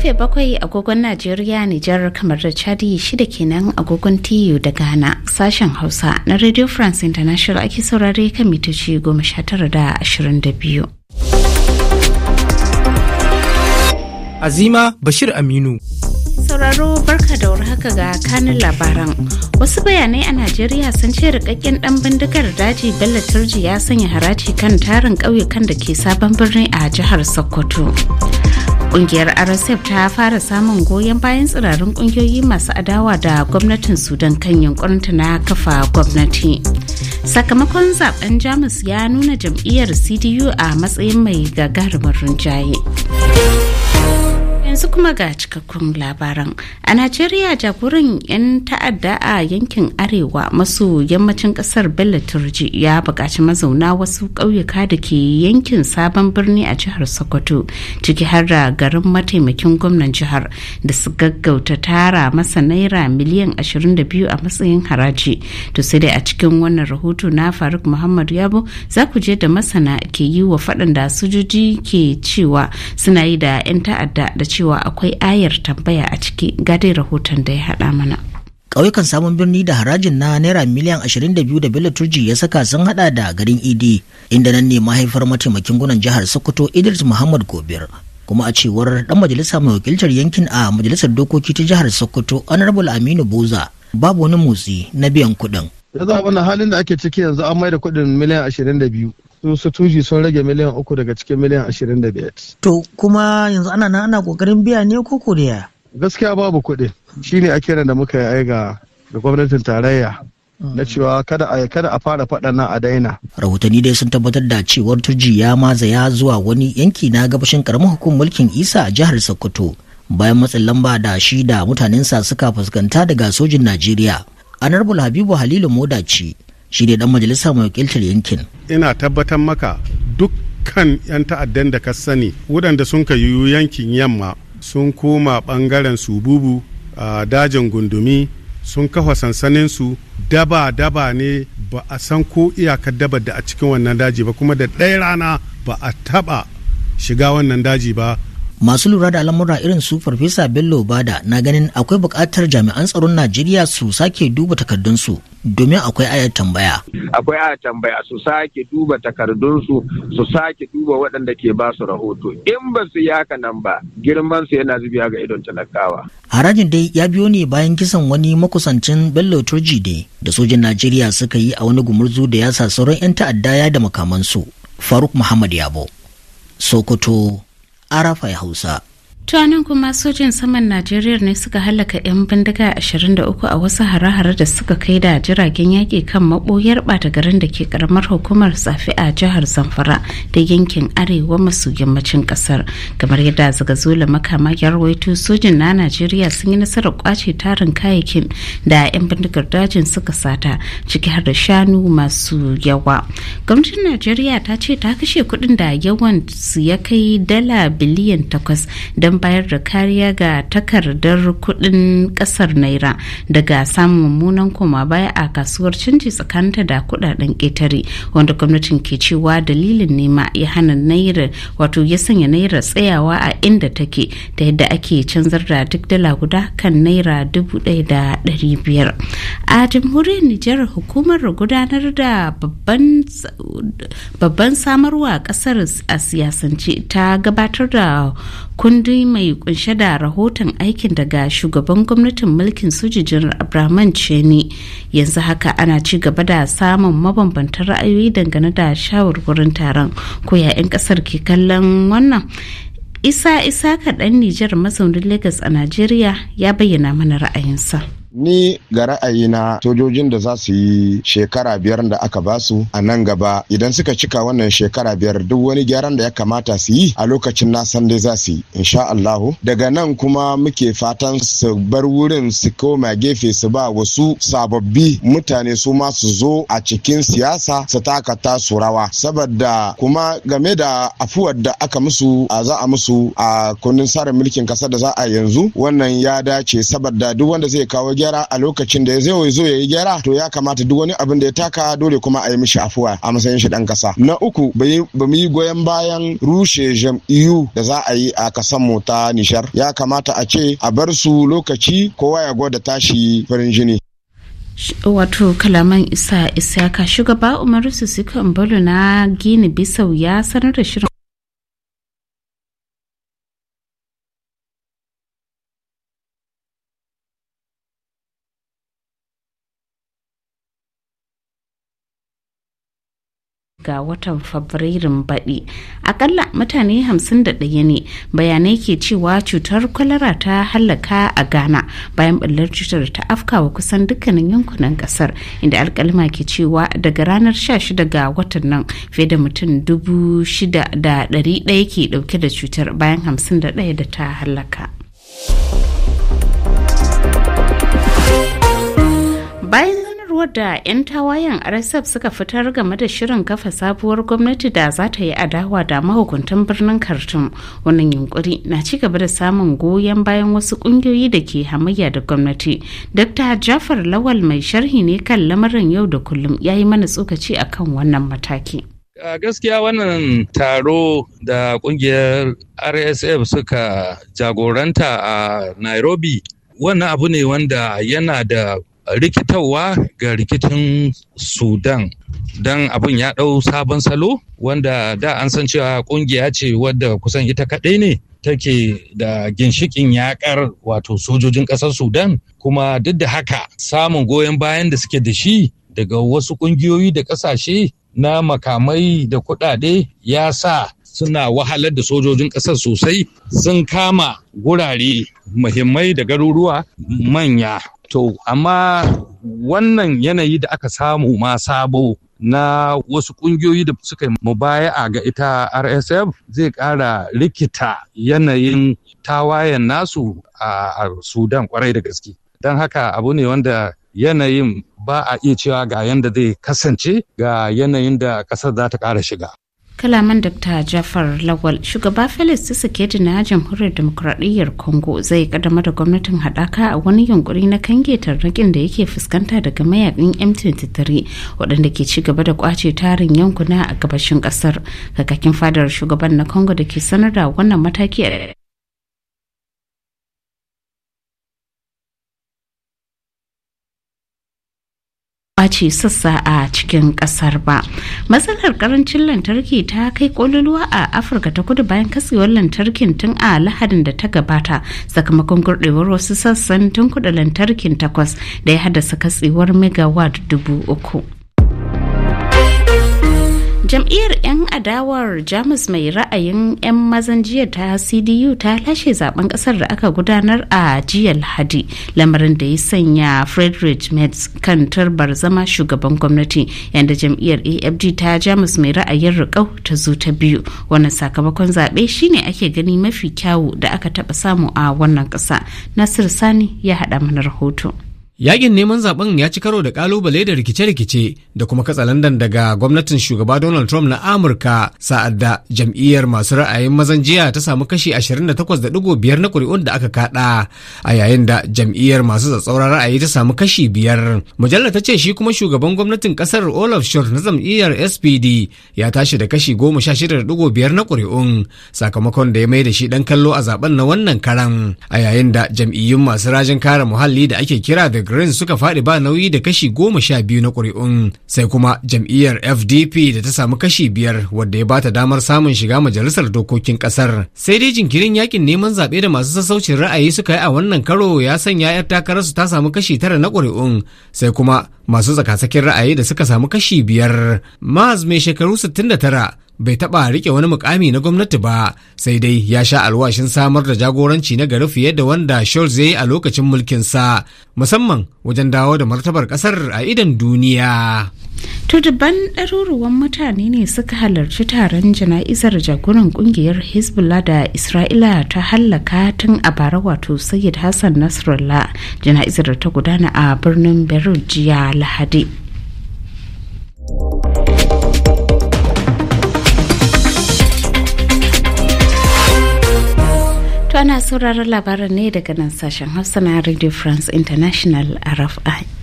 karfe bakwai agogon najeriya nijar kamar da chadi shida kenan agogon tu da ghana sashen hausa na radio france international ake saurare kan mitoci goma sha tara da ashirin da biyu azima bashir aminu sauraro barka da haka ga kanin labaran wasu bayanai a najeriya sun ce rikakken dan bindigar daji bello turji ya sanya haraci kan tarin ƙauyukan da ke sabon birni a jihar sokoto Kungiyar RSF ta fara samun goyon bayan tsirarin kungiyoyi masu adawa da gwamnatin Sudan kan yunkurinta na kafa gwamnati. Sakamakon zaben Jamus ya nuna jam'iyyar CDU a matsayin mai gagarumin rinjaye. yanzu kuma ga cikakkun labaran a najeriya jagoran 'yan ta'adda a yankin arewa maso yammacin kasar bello turji ya buƙaci mazauna wasu ƙauyuka da ke yankin sabon birni a jihar sokoto ciki har da garin mataimakin gwamnan jihar da su gaggauta tara masa naira miliyan 22 a matsayin haraji to sai dai a cikin wannan rahoto na faruk muhammad yabo za ku je da masana ke yi wa faɗin da sojoji ke cewa suna yi da 'yan ta'adda da cewa cewa akwai ayar tambaya a ciki dai rahoton da ya haɗa mana. ƙauyukan samun birni da harajin na naira miliyan 22 da bello turji ya saka sun hada da garin idi inda nan ne mahaifar mataimakin gunan jihar sokoto idris muhammad gobir kuma a cewar dan majalisa mai wakiltar yankin a majalisar dokoki ta jihar sokoto honorable aminu boza babu wani motsi na biyan kuɗin. a zama halin da ake ciki yanzu an mai da kuɗin miliyan 22 su sutuji sun rage miliyan uku daga cikin miliyan ashirin da biyar. To kuma yanzu ana nan ana kokarin biya ne ko kuriya? Gaskiya babu kuɗi shine ne ake da muka yi ai ga gwamnatin tarayya mm. na cewa kada a kada a fara faɗa nan a daina. Rahotanni dai sun tabbatar da cewar turji ya maza ya zuwa wani yanki na gabashin karamin hukumar mulkin Isa a jihar Sokoto bayan matsin lamba da shi da mutanensa suka fuskanta daga sojin Najeriya. Anarbul Habibu Halilu Modaci shi ne dan majalisa mai wakiltar yankin ina tabbatar maka dukkan 'yan ta'addan da ka sani waɗanda sun ka yiwu yankin yamma sun koma ɓangaren sububu a dajin gundumi sun kafa sansanin su daba-daba ne ba a san ko iyakar dabar da a cikin wannan daji ba kuma da ɗaya rana ba a taɓa shiga wannan daji ba masu lura da lamura irin su farfesa bello bada na ganin akwai buƙatar jami'an tsaron najeriya su sake duba takardunsu domin akwai ayar tambaya akwai ayar tambaya su sake duba takardunsu su sake duba waɗanda ke ba su rahoto in ba su yi haka nan ba girman su yana zubiya ga idon talakawa harajin dai ya biyo ne bayan kisan wani makusancin bello turji ne da sojin najeriya suka yi a wani gumurzu da ya sa sauran 'yan ta'adda ya da makamansu faruk muhammad yabo sokoto arafa hausa tuwanin kuma sojin saman najeriya ne suka halaka 'yan bindiga 23 a wasu hare-hare da suka kai da jiragen yaƙi kan maɓoyar ɓata garin da ke karamar hukumar safi a jihar zamfara da yankin arewa maso yammacin ƙasar kamar yadda zula makama ya rawaito sojin na najeriya sun yi nasarar kwace tarin kayayyakin da 'yan bindigar dajin suka sata ciki har da shanu masu yawa gwamnatin najeriya ta ce ta kashe kuɗin da yawan su ya kai dala biliyan takwas don bayar da kariya ga takardar kudin kasar naira daga samun mummunan koma baya a kasuwar canji tsakaninta da kuɗaɗen ƙetare wanda gwamnatin ke cewa dalilin nema ya hana naira wato ya sanya naira tsayawa a inda take ta yadda ake canzar da duk dala guda kan naira dubu ɗaya da ɗari biyar a jamhuriyar nijar hukumar gudanar da babban samarwa ƙasar a siyasance ta gabatar da kundin mai kunshe da rahoton aikin daga shugaban gwamnatin mulkin soji janar abraman ceni yanzu haka ana ci gaba da samun mabambantan ra'ayoyi dangane da shawarwarin taron ko 'yan kasar ke kallon wannan isa isa kaɗan nijar mazaunin lagos a najeriya ya bayyana mana ra'ayinsa. ni ga ra'ayi na sojojin da za su yi shekara biyar da aka ba su a nan gaba idan suka cika wannan shekara biyar duk wani gyaran da ya kamata su yi a lokacin na san dai za su yi insha Allahu daga nan kuma muke fatan su bar wurin su koma gefe su ba wasu sababbi mutane su ma su zo a cikin siyasa su taka tasu rawa saboda kuma game da afuwar da aka musu a za a musu a kundin tsarin mulkin kasa da za a yanzu wannan ya dace saboda duk wanda zai kawo gyara a lokacin da zai zo ya yi gyara to ya kamata duk wani abin da ya taka dole kuma a yi mishi afuwa a matsayin shi dan kasa na uku ba mu yi goyon bayan rushe jam'iyyu da za a yi a kasan mu ta nishar ya kamata a ce a bar su lokaci kowa ya gwada tashi farin jini wato kalaman isa isaka shugaba umaru sikan bolo na gini bisau ya sanar da shirin ga watan fabrairun baɗi akalla mutane hamsin 51 ne bayanai ke cewa cutar kwalara ta hallaka a ghana bayan ɓallar cutar ta afkawa kusan dukkanin yankunan ƙasar inda alkalma ke cewa daga ranar 16 ga watan nan fiye da mutum 6,100 ke ɗauke da cutar bayan 51 da ta hallaka. bayan sanarwar da 'yan tawayen rsf suka fitar game da shirin kafa sabuwar gwamnati da za ta yi adawa da mahukuntan birnin khartoum wannan yunkuri na ci gaba da samun goyon bayan wasu kungiyoyi da ke hamayya da gwamnati dr jafar lawal mai sharhi ne kan lamarin yau da kullum ya yi mana tsokaci a kan wannan mataki a gaskiya wannan taro da kungiyar rsf suka jagoranta a nairobi wannan abu ne wanda yana da rikitarwa ga rikicin sudan don abin ya ɗau sabon salo wanda da an san cewa ƙungiya ce wadda kusan ita kaɗai ne take da ginshikin yakar wato sojojin ƙasar sudan kuma duk da haka samun goyon bayan da suke da shi daga wasu ƙungiyoyi da ƙasashe na makamai da kuɗaɗe ya sa suna wahalar da sojojin ƙasar sosai sun kama gurare muhimmai da garuruwa manya To, amma wannan yanayi da aka samu ma sabo na wasu kungiyoyi da suka yi mubaya'a ga ita RSF zai ƙara rikita yanayin tawayen nasu a Sudan kwarai da gaske. Don haka abu ne wanda yanayin ba a iya cewa ga yanda zai kasance ga yanayin da ƙasar za ta ƙara shiga. kalaman dr jafar lawal shugaba felix tshisekedi na jamhuriyar demokuraɗiyyar congo zai kaddama da gwamnatin haɗaka a wani yunkuri na kange tarnakin da yake fuskanta daga mayakin m23 waɗanda ke ci gaba da kwace tarin yankuna a gabashin ƙasar kakakin fadar shugaban na congo da ke sanar da wannan mataki a ce sassa a cikin ƙasar ba matsalar ƙarancin lantarki ta kai ƙololuwa a afirka ta kudu bayan katsewar lantarkin tun a lahadin da ta gabata sakamakon gurɗewar wasu sassan tun kudu lantarkin takwas da ya haddasa katsewar megawatt dubu uku jam'iyyar 'yan adawar jamus mai ra'ayin 'yan mazan jiya ta cdu ta lashe zaben kasar da aka gudanar a jiya lahadi lamarin da ya sanya frederick metz kan tarbar zama shugaban gwamnati yadda jam'iyyar afd ta jamus mai ra'ayin riƙau ta zo ta biyu wannan sakamakon zaɓe shine ake gani mafi kyawu da aka taɓa samu a wannan ƙasa nasir sani ya haɗa mana rahoto. Yakin neman zaben ya ci karo da kalubale da rikice-rikice da kuma katsalandan daga gwamnatin shugaba Donald Trump na Amurka sa'ad da jam'iyyar masu ra'ayin mazan jiya ta samu kashi 28.5 na kuri'un da aka kada a yayin da jam'iyyar masu tsatsauran ra'ayi ta samu kashi biyar. Mujallar ta ce shi kuma shugaban gwamnatin kasar Olaf Scholz na jam'iyyar SPD ya tashi da kashi 16.5 na kuri'un sakamakon da ya mai da shi dan kallo a zaben na wannan karan a yayin da jam'iyyun masu rajin kare muhalli da ake kira da greens suka faɗi ba nauyi da kashi goma sha biyu na ƙuri'un sai kuma jam'iyyar fdp da ta samu kashi biyar wadda ya bata damar samun shiga majalisar dokokin ƙasar sai dai jinkirin yakin neman zaɓe da masu sassaucin ra'ayi suka yi a wannan karo ya sanya 'yar su ta samu kashi tara na ƙuri'un sai kuma masu tsakatsakin ra'ayi da suka samu kashi biyar maz mai shekaru 69 bai taɓa rike wani mukami na gwamnati ba sai dai ya sha alwashin samar da jagoranci na gari fiye da wanda Scholz ya yi a lokacin mulkinsa musamman wajen dawo da martabar ƙasar a idan duniya. To daban ɗaruruwan mutane ne suka halarci taron jana'izar jagoran kungiyar Hezbollah da Isra'ila ta hallaka tun a bara wato Sayyid Hassan Nasrallah jana'izar ta gudana a birnin Beirut jiya Lahadi. ana sauraron labaran ne daga nan sashen Hausa na Radio France International RFI.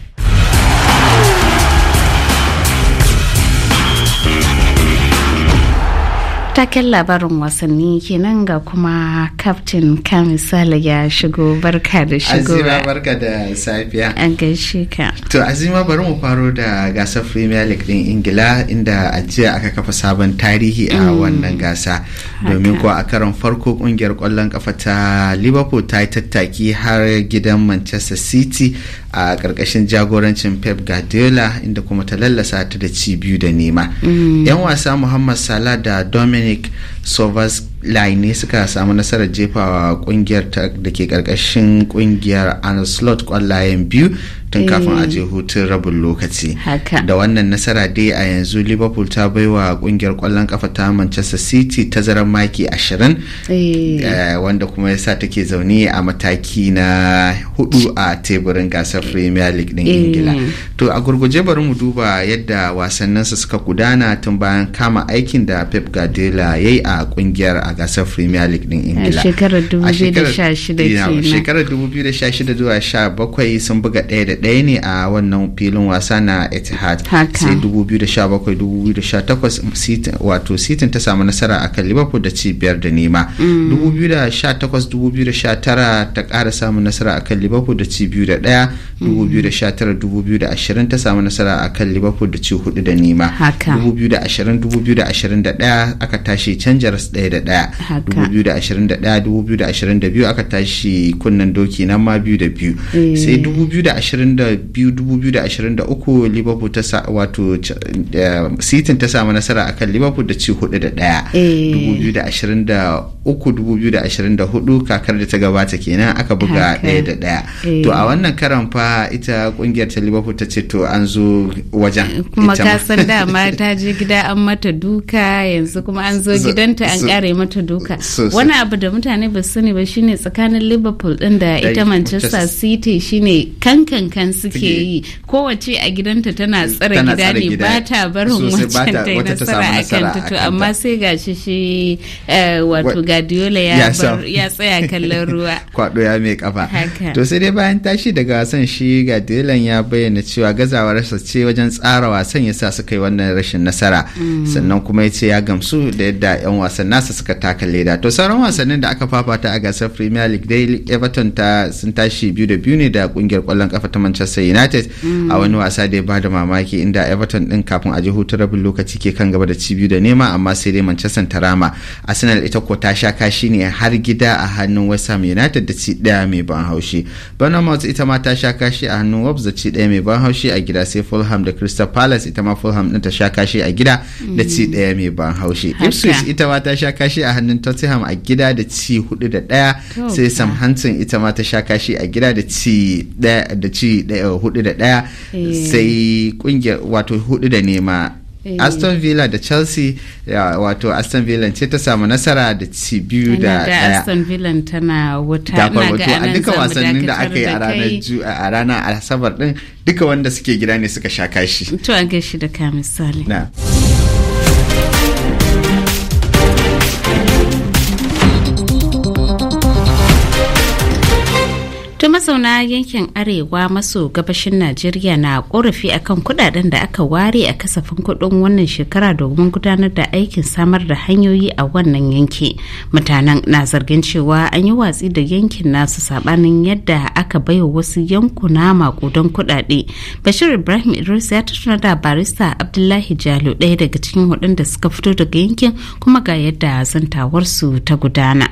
taken labarin wasanni kenan ga kuma kaftin kamisala ya shigo barka da shigo azima barka da safiya an gaishe ka to azima bari mu faro da gasar premier league din ingila inda a jiya aka kafa sabon tarihi a mm. wannan gasa domin ko a karon farko kungiyar kwallon kafa ta liverpool ta yi tattaki har gidan manchester city a ƙarƙashin jagorancin pep guardiola inda kuma ta lallasa ta da ci biyu da nema mm. yan wasa muhammad salah da dominic sovas laine suka samu nasarar jefawa kungiyar da ke karkashin kungiyar slot kwallayen biyu tun eh. kafin a je hutun rabin lokaci da wannan nasara dai a yanzu liverpool ta baiwa kungiyar kwallon kafa ta manchester city ta tazarar maki 20 eh. eh, wanda kuma yasa take zaune a mataki na hudu a teburin gasar premier league din ingila to a gurguje bari mu duba yadda wasanninsa suka gudana tun bayan kama aikin da pep guardiola ya yi a kungiyar gasar premier league din ingila a shekarar 2016 zuwa 17 sun buga ɗaya da ɗaya ne a wannan filin wasa na etihad sai 2017-2018 wato sitin ta samu nasara a kan liverpool da ci biyar da nema 2018-2019 ta ƙara samun nasara a kan liverpool da ci biyu da ɗaya 2019-2020 ta samu nasara a kan liverpool da ci hudu da nema 2020-2021 aka tashi canjar ɗaya da ɗaya 2021 2022 aka tashi kunnen doki nan ma biyu da biyu sai 2022-2023 eh. liverpool ta sa wato sitin eh, ta samu nasara akan liverpool da ci hudu da daya 2023-2024 eh. kakar da ta gabata kenan aka buga daya da daya to a wannan karan fa ita kungiyar ta liverpool ta ce to an zo wajen kuma san dama ta je gida an mata duka yanzu kuma an zo gidanta an kare mata wata doka wani abu da mutane ba sani ba shine tsakanin liverpool din da ita manchester city shine kankan kan suke yi kowace a gidanta tana tsara gida ne ba ta barin wancan ta yi nasara a kan tutu amma sai ga shi shi eh, wato guardiola ya tsaya kallon ruwa kwado ya mai kafa to sai dai bayan tashi daga wasan shi guardiola ya bayyana cewa gazawarsa ce wajen tsara wasan yasa suka yi wannan rashin nasara mm. sannan kuma ya ce ya gamsu da yadda 'yan wasan nasa suka takan leda to sauran wasannin da aka fafata a gasar premier league dai everton ta sun tashi biyu da biyu ne da kungiyar kwallon kafa ta manchester united a mm. wani wasa da ya ba da mamaki inda everton din kafin a ji hutun rabin lokaci ke kan gaba da ci biyu da nema amma sai dai manchester ta rama arsenal ita ko ta sha kashi ne har gida a hannun west ham united da ci daya mai ban haushi bournemouth ita ma ta sha kashi a hannun wolves da ci daya mai ban haushi a gida sai fulham da crystal palace ita ma fulham din ta sha kashi a gida da ci daya mm. mai ban haushi ipswich ita ma ta sha kashi a hannun Tottenham a gida da ci hudu da ɗaya oh, sai sam Southampton ita ma ta sha kashi a gida da ci da ci uh, hudu da ɗaya eh. sai kungiyar wato hudu da nema eh. aston villa da chelsea wato aston villa ce ta samu nasara da ci biyu da daya aston villa tana wuta na ga a duka wasannin da aka yi a ranar asabar din duka wanda suke gida ne suka sha kashi to an gaishe da ka misali na To mazauna yankin arewa maso gabashin Najeriya na korafi akan kudaden da aka ware a kasafin kudin wannan shekara domin gudanar da aikin samar da hanyoyi a wannan yanki. Mutanen na zargin cewa an yi watsi da yankin nasu sabanin yadda aka baiwa wasu yankuna makudan kudade. Bashir Ibrahim Idris ya tattauna da barista Abdullahi Jalo ɗaya daga cikin waɗanda suka fito daga yankin kuma ga yadda zantawarsu ta gudana.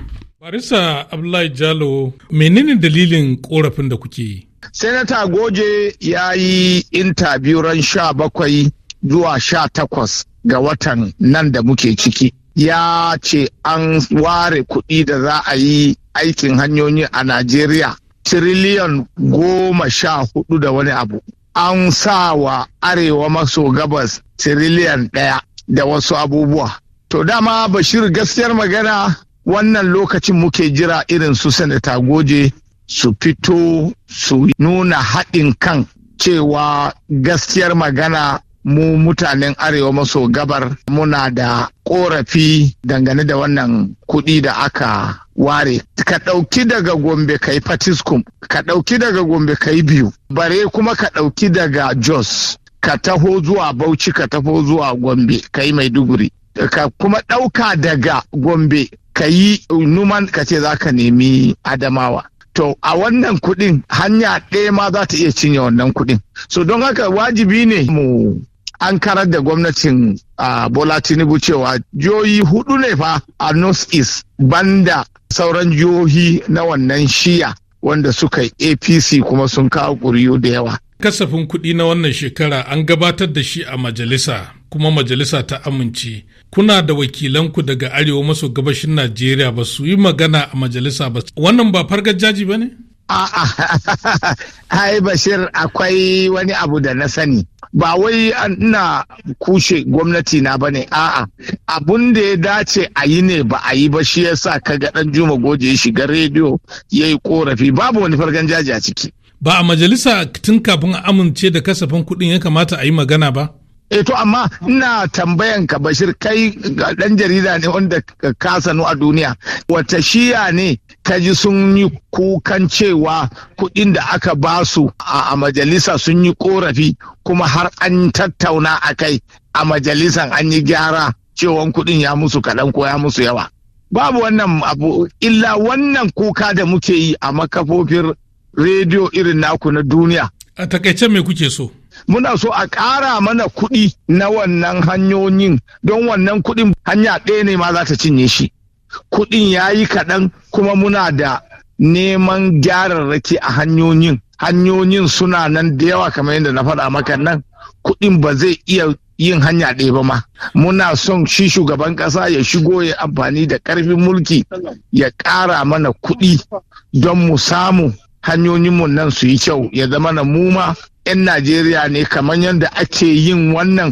Farisa Abdullahi Jalo menene dalilin korafin da kuke yi? Senator Goje ya yi intabiyu ran sha bakwai zuwa sha takwas ga watan nan da muke ciki. Ya ce an ware kuɗi da za a yi aikin hanyoyi a Najeriya tiriliyan goma sha hudu da wani abu. An sa wa arewa maso gabas tiriliyan ɗaya da wasu abubuwa. To dama Bashir gaskiyar magana wannan lokacin muke jira irin su sanata goje su fito su nuna haɗin kan cewa gaskiyar magana mu mutanen arewa maso gabar muna da ƙorafi dangane da wannan kuɗi da aka ware ka ɗauki daga gombe ka yi fatiskum ka ɗauki daga gombe ka biyu bare kuma ka ɗauki daga jos ka taho zuwa bauchi ka taho zuwa gombe kai maiduguri ka kuma ɗauka daga gombe ka yi numan ka ce za ka nemi adamawa to a wannan kuɗin hanya ɗaya ma za ta iya cinye wannan kuɗin so don haka wajibi ne mu an karar da gwamnatin bola tinubu cewa jihohi hudu ne fa a north east banda sauran jihohi na wannan shiya wanda suka yi apc kuma sun kawo ƙuri'u da yawa kasafin kuɗi na wannan shekara an gabatar da shi a majalisa kuma majalisa ta amince kuna da wakilanku daga arewa maso gabashin najeriya ba su yi magana a majalisa ba wannan ba fargar jaji ba ne ai bashir akwai wani abu da na sani ba wai ina kushe gwamnati na bane a'a abun da ya dace a yi ne ba a yi ba shi ka ga dan juma goje ya shiga rediyo ya yi korafi babu wani fargan jaji a ciki ba a majalisa tun kafin amince da kasafin kuɗin ya kamata a yi magana ba E to amma ina tambayan ka Bashir kai dan jarida ne wanda ka sanu a duniya wata shiya ne ka ji sun yi kukan cewa kuɗin da aka ba su a majalisa sun yi korafi kuma har an tattauna a kai a majalisan an yi gyara cewan kuɗin ya musu kaɗan ko ya musu yawa. Babu wannan abu illa wannan kuka da muke yi a makafofin rediyo irin naku na duniya. A takaice me kuke so? muna so a ƙara mana kuɗi na wannan hanyoyin don wannan kuɗin hanya ɗaya ne ma za ta cinye shi kuɗin ya yi kaɗan kuma muna da neman gyararraki a hanyoyin hanyoyin suna nan da yawa kamar yadda na faɗa maka nan kuɗin ba zai iya yin hanya ɗaya ba ma muna son shi shugaban ƙasa ya shigo ya amfani da ƙarfin mulki ya ƙara mana kuɗi don mu samu hanyoyinmu nan su yi kyau ya zama na muma 'yan Najeriya ne kamar yadda ake yin wannan